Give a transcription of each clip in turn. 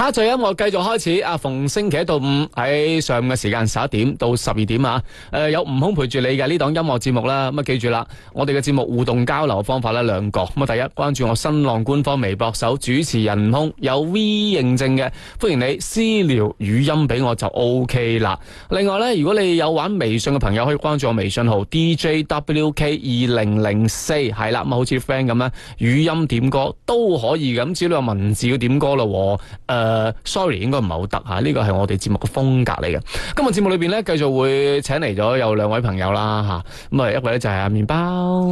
下集音樂繼續開始，啊逢星期一到五喺、哎、上午嘅時間十一點到十二點啊，誒、呃、有悟空陪住你嘅呢檔音樂節目啦。咁、嗯、啊記住啦，我哋嘅節目互動交流方法呢兩個。咁、嗯、啊第一，關注我新浪官方微博手，首主持人悟空有 V 認證嘅，歡迎你私聊語音俾我就 OK 啦。另外呢，如果你有玩微信嘅朋友，可以關注我微信號 DJWK 二零零四，係啦，咁、嗯、好似 friend 咁咧，語音點歌都可以咁，只要你有文字要點歌咯，誒、呃。誒，sorry，應該唔係好得嚇，呢個係我哋節目嘅風格嚟嘅。今日節目裏邊咧，繼續會請嚟咗有兩位朋友啦嚇，咁啊一位咧就係阿麵包。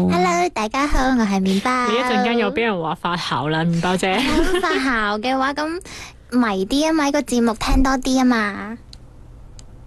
Hello，大家好，我係麵包。你一陣間又俾人話發酵啦，麵包姐。發酵嘅話，咁迷啲啊嘛，個節目聽多啲啊嘛。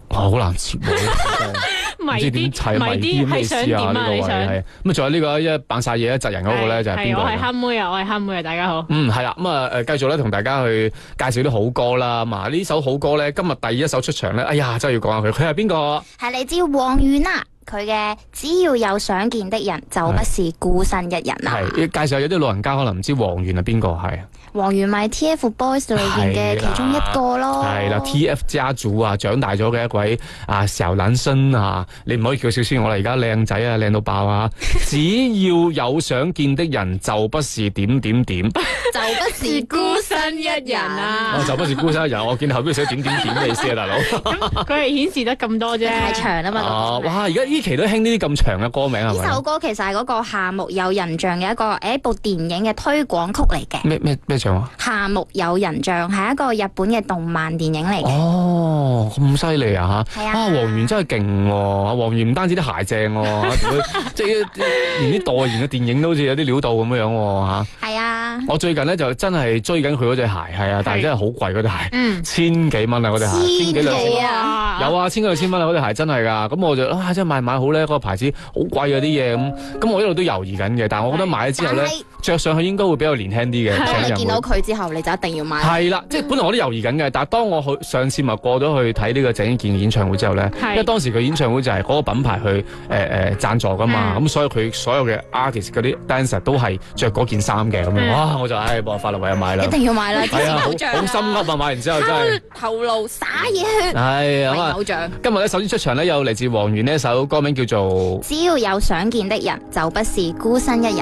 好 難接。 迷啲，知迷啲咁嘅事啊嘛，係係咁啊！仲想有呢個一扮晒嘢一窒人嗰個咧，就係邊個？個對我係黑妹啊，我係黑妹啊！大家好。嗯，係啦，咁啊誒，繼、呃、續咧同大家去介紹啲好歌啦。咁啊，呢首好歌咧，今日第一首出場咧，哎呀，真係要講下佢。佢係邊個？係你知王源啊，佢嘅只要有想見的人，就不是孤身一人啊。介紹有啲老人家可能唔知王源係邊個，係。黃源係 T F Boys 裏邊嘅其中一個咯啦，係咯啦 T F 家族啊，長大咗嘅一位啊小男生啊，你唔可以叫少少我啦，而家靚仔啊靚到爆啊！ 只要有想見的人，就不是點點點，就不是孤身一人啊！我、 啊、就不是孤身一人，我見後邊寫點點點嘅意思啊，大佬。佢係顯示得咁多啫，太長嘛、那個、啊嘛。哇！而家呢期都興呢啲咁長嘅歌名啊。呢 首歌其實係嗰個《夏目友人帳》嘅一個誒，一部電影嘅推廣曲嚟嘅。咩咩？夏目友人像係一個日本嘅動漫電影嚟嘅。哦，咁犀利啊吓！係啊，王源真係勁喎，王源唔單止啲鞋正，啊，即係連啲代言嘅電影都好似有啲料到咁樣樣吓。係啊。啊是啊，我最近呢就真係追緊佢嗰對鞋，係啊，但係真係好貴嗰對鞋，是嗯、千幾蚊啊，我對鞋，千幾兩、啊、千，啊、有啊，千幾兩千蚊啊，嗰對鞋真係噶、啊。咁我就啊，真係買不買好咧，嗰、那個牌子好貴嗰啲嘢，咁，咁我一路都猶豫緊嘅，但係我覺得買咗之後咧，着是上去應該會比較年輕啲嘅到佢之後你就一定要買。係啦，即係本來我都猶豫緊嘅，但係當我去上次咪過咗去睇呢個鄭伊健嘅演唱會之後咧，因為當時佢演唱會就係嗰個品牌去誒誒贊助㗎嘛，咁所以佢所有嘅 artist 嗰啲 dancer 都係着嗰件衫嘅咁樣，哇！我就唉冇法律唯有買啦。一定要買啦，因為好心急啊！買完之後真係頭腦灑嘢，成偶像。今日咧首先出場咧有嚟自王源呢一首歌名叫做只要有想見的人就不是孤身一人。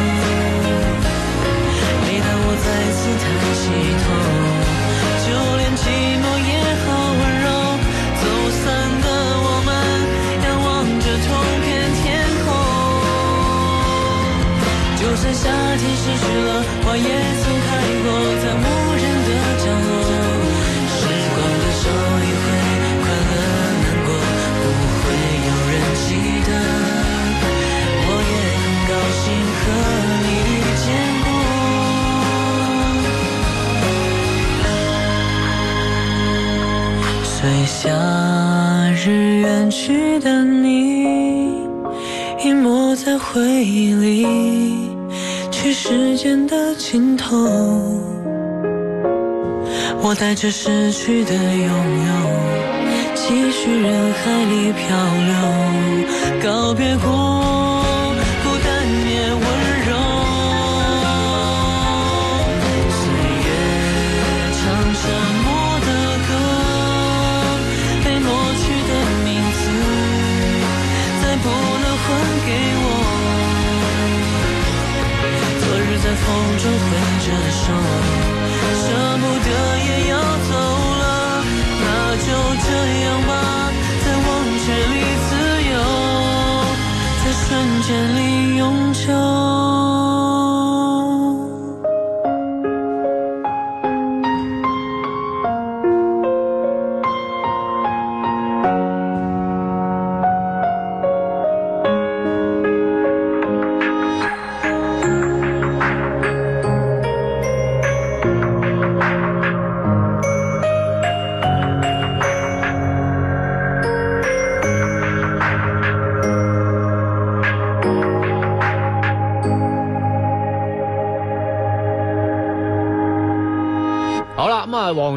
失去了，我也曾。這失去的擁有，期許人海裏漂流，告別過。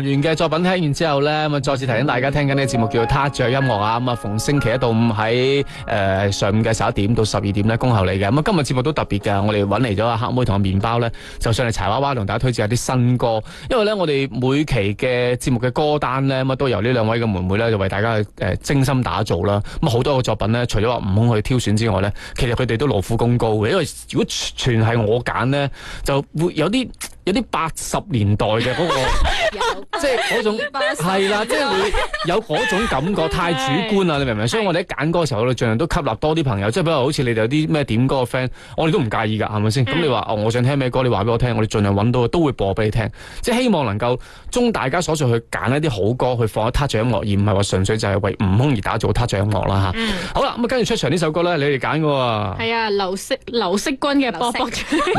完嘅作品聽完之後呢，咁啊再次提醒大家聽緊呢個節目叫做他爵音樂啊！咁啊，逢星期一到五喺誒、呃、上午嘅十一點到十二點呢，恭候你嘅。咁啊，今日節目都特別嘅，我哋搵嚟咗阿黑妹同阿麵包呢，就上嚟柴娃娃同大家推薦下啲新歌。因為呢，我哋每期嘅節目嘅歌單呢，咁啊，都由呢兩位嘅妹妹呢，就為大家精心打造啦。咁好多個作品呢，除咗阿五紅去挑選之外呢，其實佢哋都勞苦功高嘅。因為如果全係我揀呢，就會有啲。有啲八十年代嘅嗰、那個，即係嗰種係啦，即係會有嗰種感覺，太主觀啦，對你明唔明？對所以我哋喺揀歌嘅時候，我哋盡量都吸納多啲朋友，即係對比如好似你哋有啲咩點歌嘅 friend，我哋都唔介意噶，係咪先？咁、嗯、你話、哦、我想聽咩歌，你話俾我聽，我哋盡量揾到，都會播俾你聽。即、就、係、是、希望能夠中大家所想去揀一啲好歌去放一 touch 音樂，而唔係話純粹就係為悟空而打造一 touch 音樂啦、嗯、好啦，咁跟住出場呢首歌咧，你哋揀嘅喎。係啊，劉惜君劉惜君嘅《波波》。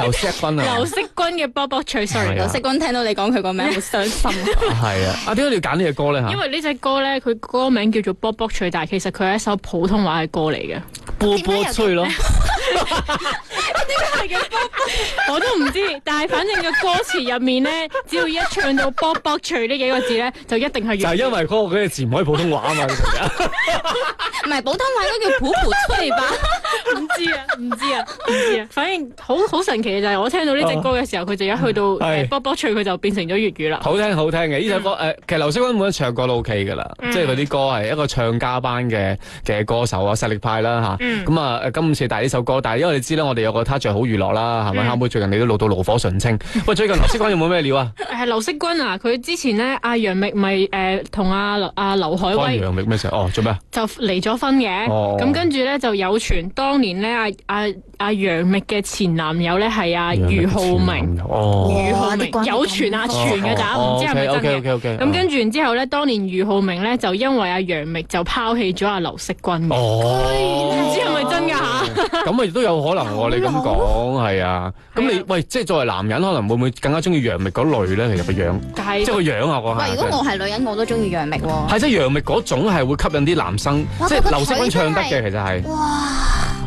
劉惜君啊。劉惜君嘅 《波波》。sorry，劉惜君聽到你講佢個名好傷心。係啊，啊，點解你要揀呢隻歌咧？嚇，因為呢隻歌咧，佢歌名叫做《波波吹》，但，其實佢係一首普通話嘅歌嚟嘅波波，《波波吹》咯。呢個係嘅卜卜，我都唔知，但係反正個歌詞入面咧，只要一唱到卜卜脆呢幾個字咧，就一定係粵。就係因為嗰個嘅字唔可以普通話啊嘛，其實。唔係普通話都叫卜卜吹吧？唔知啊，唔知啊，唔知啊。反正好好神奇，就係我聽到呢隻歌嘅時候，佢就一去到卜卜脆，佢就變成咗粵語啦。好聽好聽嘅呢首歌，誒，其實劉惜君本身唱過都 OK 㗎啦，即係佢啲歌係一個唱家班嘅嘅歌手啊，實力派啦嚇。咁啊，今次帶呢首歌，但係因為你知咧，我哋有個他。着好娛樂啦，係咪啱妹？嗯、最近你都老到爐火純青。喂，最近劉惜君有冇咩料啊？係 劉惜君啊，佢之前咧，阿楊冪咪誒同阿阿劉愷威。楊冪咩事？哦，做咩啊？就離咗婚嘅。咁跟住咧，就有傳當年咧，阿、啊、阿。啊阿楊冪嘅前男友咧係阿俞灝明，俞灝明有傳阿傳嘅大家唔知係咪真嘅。OK，OK，OK。咁跟住之後咧，當年俞灝明咧就因為阿楊冪就拋棄咗阿劉惜君。哦，唔知係咪真噶吓？咁啊亦都有可能喎。你咁講係啊？咁你喂，即係作為男人，可能會唔會更加中意楊冪嗰類咧？其實個樣，即係個樣啊！喂，如果我係女人，我都中意楊冪喎。係即係楊冪嗰種係會吸引啲男生，即係劉惜君唱得嘅，其實係。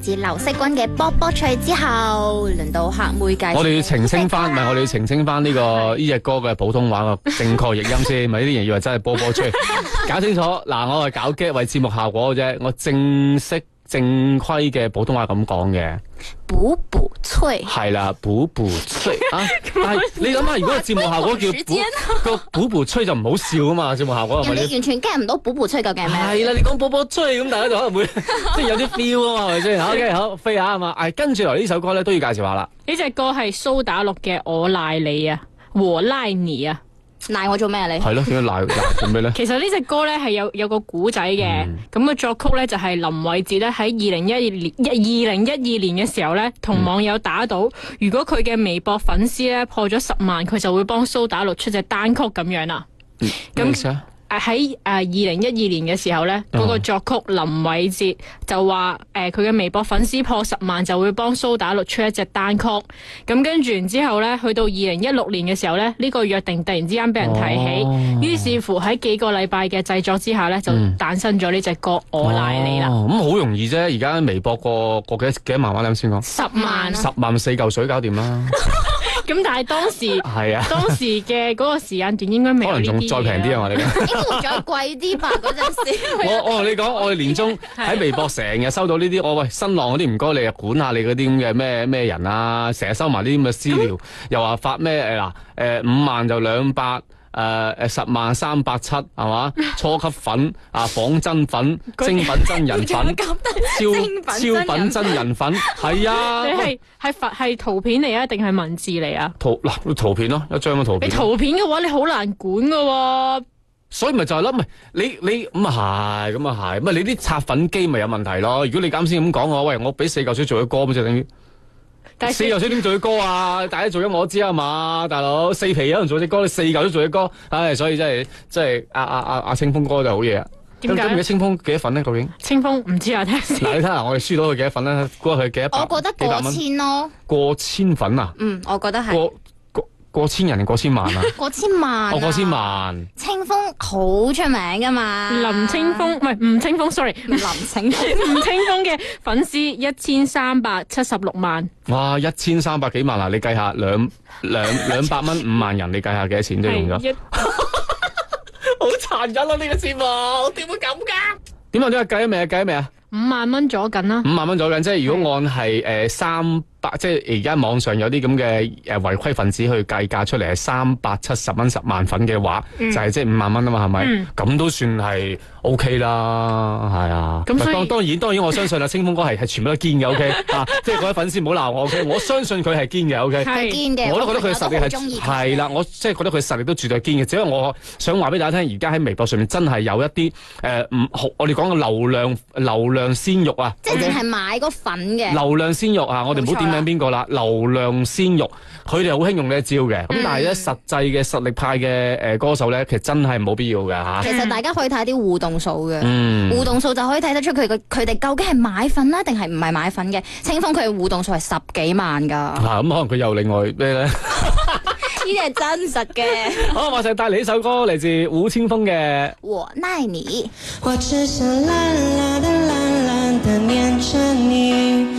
自劉惜君嘅《波波脆》之後，輪到客妹介紹。我哋要澄清翻，唔係我哋要澄清翻呢個呢隻歌嘅普通話嘅正確譯音先，唔係呢啲人以為真係《波波脆》。搞清楚，嗱，我係搞 gag 為節目效果嘅啫，我正式正規嘅普通話咁講嘅。補補吹係啦，補補吹啊！但係你諗下，如果個節目效果叫間、 那個補補吹就唔好笑啊嘛，節目效果。是是你人哋完全 get 唔到補補吹究竟係咩？係啦，你講補補吹咁，捕捕 大家就可能會即係 有啲 feel 啊嘛，係咪先？OK，好飛下啊嘛！哎，嗯，跟住嚟，呢首歌咧都要介紹下啦。呢隻歌係蘇打綠嘅《我賴你》啊，《和拉尼》啊。賴我做咩啊你？係咯，點解賴賴做咩咧？ 其實呢隻歌咧係有有個古仔嘅，咁個、嗯、作曲咧就係林慧杰咧喺二零一二年一二零一二年嘅時候咧，同網友打賭，嗯、如果佢嘅微博粉絲咧破咗十萬，佢就會幫蘇打綠出隻單曲咁樣啦。咁、嗯。那喺喺二零一二年嘅時候呢嗰、那個作曲林偉哲就話誒佢嘅微博粉絲破十萬就會幫蘇打綠出一隻單曲。咁跟住然之後呢去到二零一六年嘅時候呢呢、這個約定突然之間俾人提起，於是、哦、乎喺幾個禮拜嘅製作之下呢、嗯、就誕生咗呢隻歌《哦、我拉你》啦、嗯。咁好容易啫，而家微博過過個幾個幾幾萬萬點先講？十萬，十萬四嚿水搞掂啦。 咁但係當時，係 啊，當時嘅嗰個時間段應該未可能仲再平啲啊！我哋應該仲再貴啲吧嗰陣時。我我同你講，我哋年中喺微博成日收到呢啲，我、 哦、喂新浪嗰啲唔該你管下你嗰啲咁嘅咩咩人啊，成日收埋啲咁嘅私聊， 又話發咩誒嗱誒五萬就兩百。誒誒，uh，十萬三百七係嘛？初級粉 啊，仿真粉、精品真人粉、 超超品真人粉，係啊！你係係佛係圖片嚟啊，定係文字嚟啊？圖嗱圖片咯，一張嘅圖片。你圖片嘅話，你好難管噶，所以咪就係咯，你你咁啊係，咁啊係，咪你啲拆粉機咪有問題咯。如果你啱先咁講嘅話，喂，我俾四嚿水做咗歌咁就等於。四嚿水點做歌啊！ 大家做咗我知啊嘛，大佬四皮，有人做隻歌，你四嚿都做嘅歌，唉、哎，所以真係真係阿啊啊阿、啊、清風哥就好嘢啊！點解？而家清風幾多粉咧？究竟？清風唔知啊，睇下睇下我哋輸到佢幾多份呢？估下佢幾多？我覺得過千咯，過千粉啊！嗯，我覺得係。過過千人，過千萬啊，過千萬、啊，我、哦、過千萬、啊。清風好出名噶嘛？林清風唔係吳清風，sorry，林清風吳 清風嘅粉絲一千三百七十六萬。哇，一千三百幾萬啊！你計下兩兩兩百蚊五萬人，你計下幾多錢都用咗好殘忍咯！呢個節目點會咁噶？點啊？點、這個、啊？計咗未啊？計咗未啊？五萬蚊左近啦。五萬蚊左近，即係如果按係誒的、呃、三。即係而家網上有啲咁嘅誒違規分子去計價出嚟係三百七十蚊十萬粉嘅話，嗯、就係即係五萬蚊啊嘛，係咪？咁、嗯、都算係 OK 啦，係啊。咁當然當然我相信啦清風哥係係全部都堅嘅 OK 即係嗰啲粉絲唔好鬧我 OK， 我相信佢係堅嘅 OK，堅嘅，我都覺得佢實力係鍾意，係啦，我即係覺得佢實力都絕對堅嘅。只係我想話俾大家聽，而家喺微博上面真係有一啲誒唔好，我哋講嘅流量流量鮮肉啊，okay? 即係淨係買嗰粉嘅流量鮮肉啊，我哋冇點。名邊個啦？流量鮮肉，佢哋好輕用呢一招嘅。咁但係咧，實際嘅實力派嘅誒歌手咧，其實真係冇必要嘅吓。其實大家可以睇啲互動數嘅，互動數就可以睇得出佢佢哋究竟係買粉啊，定係唔係買粉嘅？清風佢嘅互動數係十幾萬噶。啊，咁可能佢又另外咩咧？呢啲係真實嘅。好，我再帶你呢首歌，嚟自胡清風嘅《和我念着你》。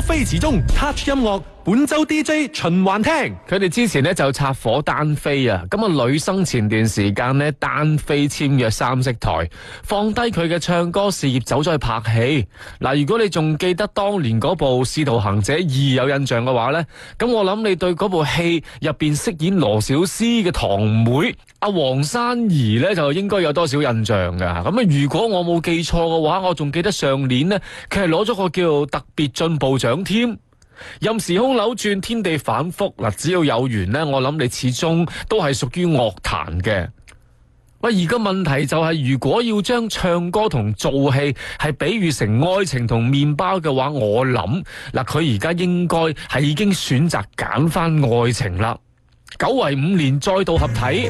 飛馳中，Touch 音樂。本周 DJ 循環聽，佢哋之前呢，就拆火單飛啊！咁啊，女生前段時間呢單飛簽約三色台，放低佢嘅唱歌事業，走咗去拍戲。嗱，如果你仲記得當年嗰部《使徒行者二》有印象嘅話呢，咁我諗你對嗰部戲入邊飾演羅小詩嘅堂妹阿黃珊儀呢，就應該有多少印象噶。咁啊，如果我冇記錯嘅話，我仲記得上年呢，佢係攞咗個叫特別進步獎添。任時空扭轉天地反覆嗱，只要有緣，我諗你始終都係屬於樂壇嘅。喂，而家問題就係、是，如果要將唱歌同做戲係比喻成愛情同麵包嘅話，我諗嗱，佢而家應該係已經選擇揀翻愛情啦。久違五年再度合體，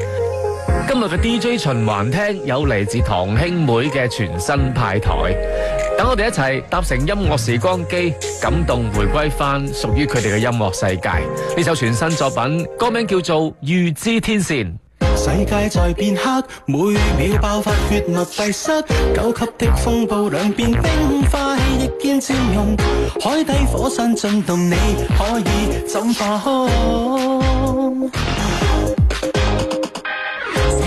今日嘅 DJ 循環廳有嚟自堂兄妹嘅全新派台。等我哋一齊搭乘音樂時光機，感動回歸返屬於佢哋嘅音樂世界。呢首全新作品歌名叫做預知天線。世界在變黑，每秒爆發血脈閉塞，九級的風暴兩邊冰塊亦見佔用，海底火山震動，你可以怎化空